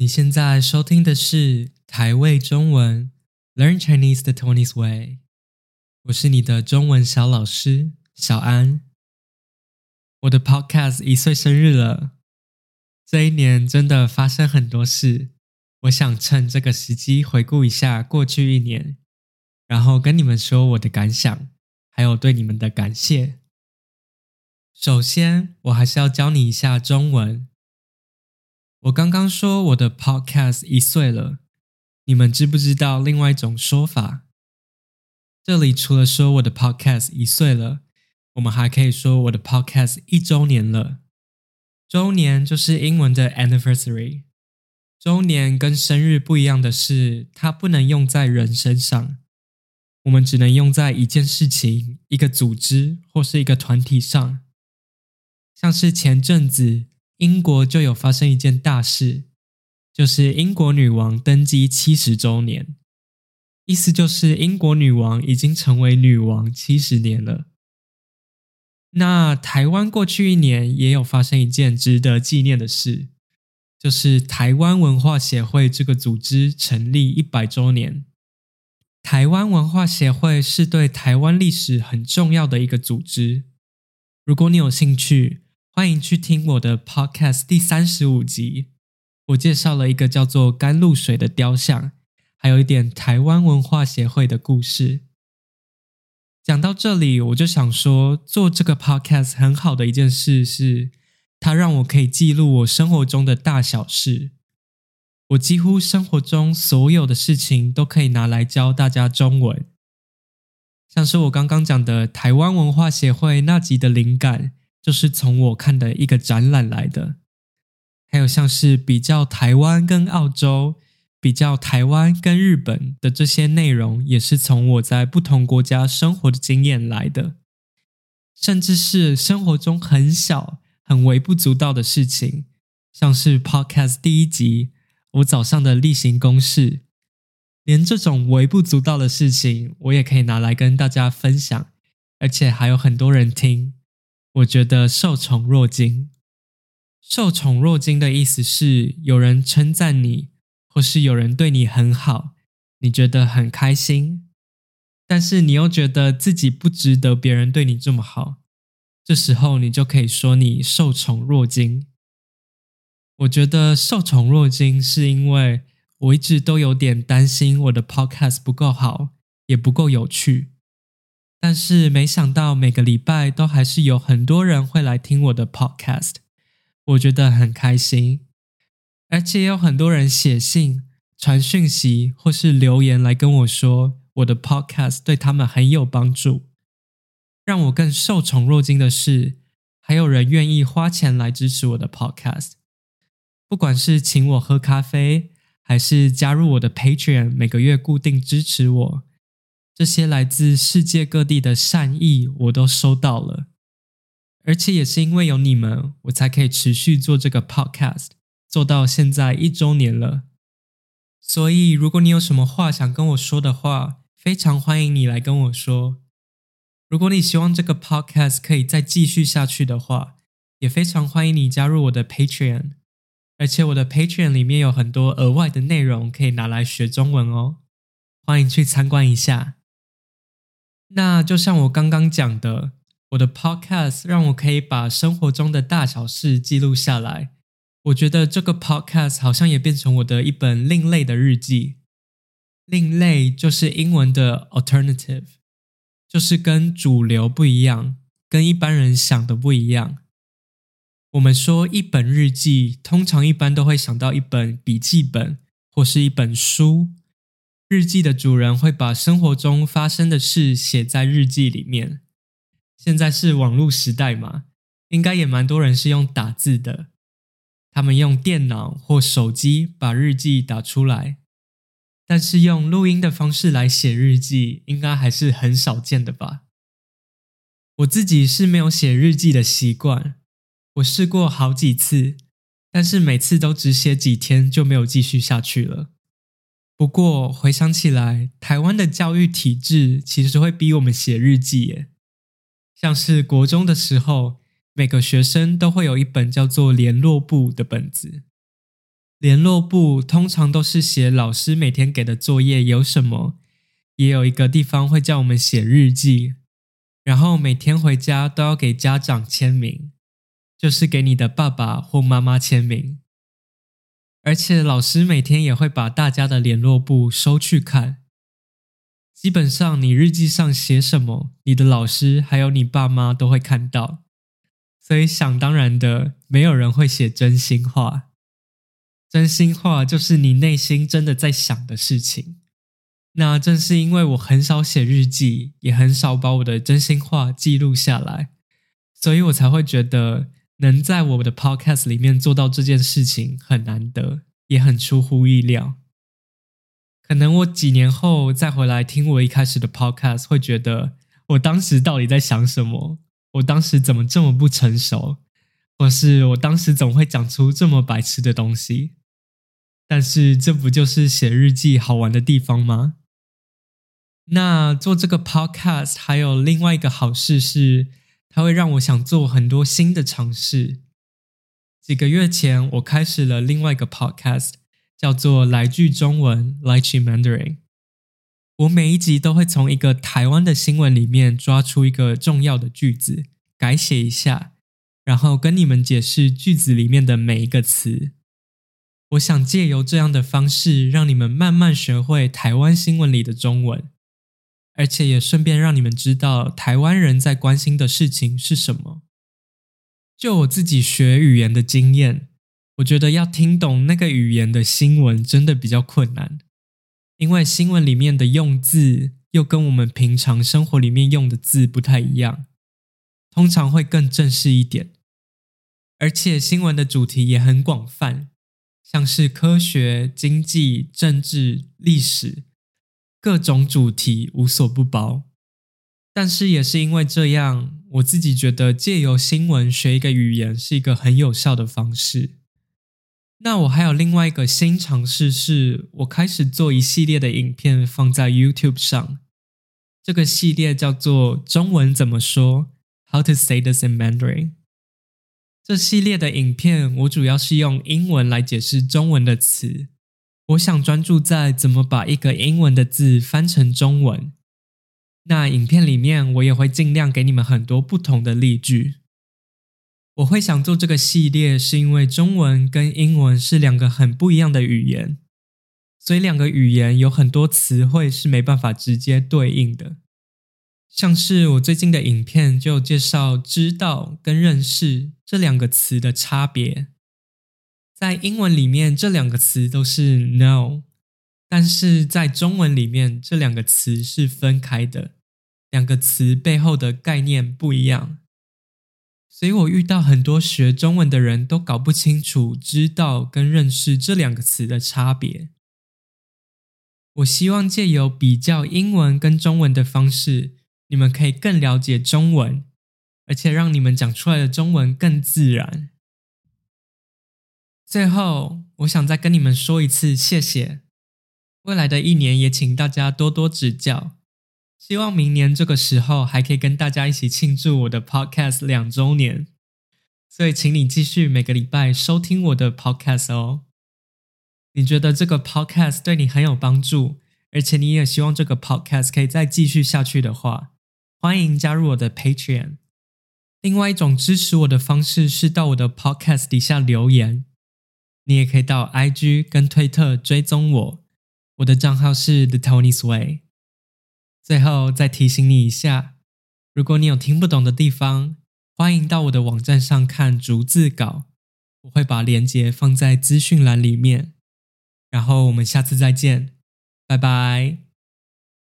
你現在收聽的是台味中文 Learn Chinese the Taiwanese Way，我是你的中文小老師小安。我的 Podcast 一歲生日了，這一年真的發生很多事，我想趁這個時機回顧一下過去一年，然後跟你們說我的感想，還有對你們的感謝。首先，我還是要教你一下中文。我剛剛說我的 podcast 一歲了，你們知不知道另外一種說法？這裡除了說我的 podcast 一歲了，我們還可以說我的 podcast 一週年了。週年就是英文的 anniversary。週年跟生日不一樣的是，它不能用在人身上，我們只能用在一件事情、一個組織或是一個團體上，像是前陣子，英國就有發生一件大事，就是英國女王登基七十週年。意思就是英國女王已經成為女王七十年了。那台灣過去一年也有發生一件值得紀念的事，就是台灣文化協會這個組織成立一百週年。台灣文化協會是對台灣歷史很重要的一個組織。如果你有興趣。歡迎去聽我的 podcast 第三十五集，我介紹了一個叫做甘露水的雕像，還有一點台灣文化協會的故事。講到這裡，我就想說，做這個 podcast 很好的一件事是，它讓我可以記錄我生活中的大小事。我幾乎生活中所有的事情都可以拿來教大家中文，像是我剛剛講的台灣文化協會那集的靈感。就是從我看的一個展覽來的，還有像是比較台灣跟澳洲、比較台灣跟日本的這些內容，也是從我在不同國家生活的經驗來的。甚至是生活中很小、很微不足道的事情，像是 Podcast 第一集，我早上的例行公事，連這種微不足道的事情，我也可以拿來跟大家分享，而且還有很多人聽。我覺得受寵若驚。受寵若驚的意思是有人稱讚你，或是有人對你很好，你覺得很開心，但是你又覺得自己不值得別人對你這麼好。這時候你就可以說你受寵若驚。我覺得受寵若驚是因為我一直都有點擔心我的 podcast 不夠好，也不夠有趣。但是沒想到，每個禮拜都還是有很多人會來聽我的 podcast，我覺得很開心。而且也有很多人寫信、傳訊息或是留言來跟我說，我的 podcast 對他們很有幫助。讓我更受寵若驚的是，還有人願意花錢來支持我的 podcast，不管是請我喝咖啡，還是加入我的 Patreon，每個月固定支持我。這些來自世界各地的善意，我都收到了，而且也是因為有你們，我才可以持續做這個 podcast，做到現在一週年了。所以，如果你有什麼話想跟我說的話，非常歡迎你來跟我說。如果你希望這個 podcast 可以再繼續下去的話，也非常歡迎你加入我的 Patreon，而且我的 Patreon 裡面有很多額外的內容可以拿來學中文哦，歡迎去參觀一下。那就像我剛剛講的，我的 podcast 讓我可以把生活中的大小事記錄下來。我覺得這個 podcast 好像也變成我的一本另類的日記。另類就是英文的 alternative，就是跟主流不一樣，跟一般人想的不一樣。我們說一本日記，通常一般都會想到一本筆記本或是一本書。日記的主人會把生活中發生的事寫在日記裡面。現在是網絡時代嘛，應該也蠻多人是用打字的。他們用電腦或手機把日記打出來，但是用錄音的方式來寫日記，應該還是很少見的吧。我自己是沒有寫日記的習慣。我試過好幾次，但是每次都只寫幾天就沒有繼續下去了。不過回想起來，台灣的教育體制其實會逼我們寫日記耶。像是國中的時候，每個學生都會有一本叫做“聯絡簿”的本子。聯絡簿通常都是寫老師每天給的作業有什麼，也有一個地方會叫我們寫日記，然後每天回家都要給家長簽名，就是給你的爸爸或媽媽簽名。而且老師每天也會把大家的聯絡簿收去看，基本上你日記上寫什麼，你的老師還有你爸媽都會看到，所以想當然的，沒有人會寫真心話。真心話就是你內心真的在想的事情。那正是因為我很少寫日記，也很少把我的真心話記錄下來，所以我才會覺得。能在我的 podcast 裡面做到這件事情很難得，也很出乎意料。可能我幾年後再回來聽我一開始的 podcast，會覺得我當時到底在想什麼？我當時怎麼這麼不成熟？或是我當時怎麼會講出這麼白痴的東西？但是這不就是寫日記好玩的地方嗎？那做這個 podcast 還有另外一個好事是，它會讓我想做很多新的嘗試。幾個月前，我開始了另外一個 podcast，叫做“來句中文 Lychee Mandarin”。我每一集都會從一個台灣的新聞裡面抓出一個重要的句子，改寫一下，然後跟你們解釋句子裡面的每一個詞。我想借由這樣的方式，讓你們慢慢學會台灣新聞裡的中文。而且也順便讓你們知道，台灣人在關心的事情是什麼。就我自己學語言的經驗，我覺得要聽懂那個語言的新聞真的比較困難，因為新聞裡面的用字又跟我們平常生活裡面用的字不太一樣，通常會更正式一點。而且新聞的主題也很廣泛，像是科學、經濟、政治、歷史。各種主題無所不包，但是也是因為這樣，我自己覺得借由新聞學一個語言是一個很有效的方式。那我還有另外一個新嘗試是，是我開始做一系列的影片放在 YouTube 上，這個系列叫做“中文怎麼說？”（How to say this in Mandarin）。這系列的影片我主要是用英文來解釋中文的詞。我想專注在怎麼把一個英文的字翻成中文。那影片裡面我也會盡量給你們很多不同的例句。我會想做這個系列，是因為中文跟英文是兩個很不一樣的語言，所以兩個語言有很多詞彙是沒辦法直接對應的。像是我最近的影片就介紹“知道”跟“認識”這兩個詞的差別。在英文裡面，這兩個詞都是 know，但是在中文裡面，這兩個詞是分開的，兩個詞背後的概念不一樣。所以我遇到很多學中文的人都搞不清楚“知道”跟“認識”這兩個詞的差別。我希望借由比較英文跟中文的方式，你們可以更了解中文，而且讓你們講出來的中文更自然。最後，我想再跟你們說一次謝謝。未來的一年，也請大家多多指教。希望明年這個時候還可以跟大家一起慶祝我的 Podcast 兩周年。所以，請你繼續每個禮拜收聽我的 Podcast 哦。如果你覺得這個 Podcast 對你很有幫助，而且你也希望這個 Podcast 可以再繼續下去的話，歡迎加入我的 Patreon。另外一種支持我的方式是到我的 Podcast 底下留言。你也可以到 IG 跟推特追蹤我，我的賬號是 thetaiwaneseway。最後再提醒你一下，如果你有聽不懂的地方，歡迎到我的網站上看逐字稿，我會把連結放在資訊欄裡面。然後我們下次再見，拜拜。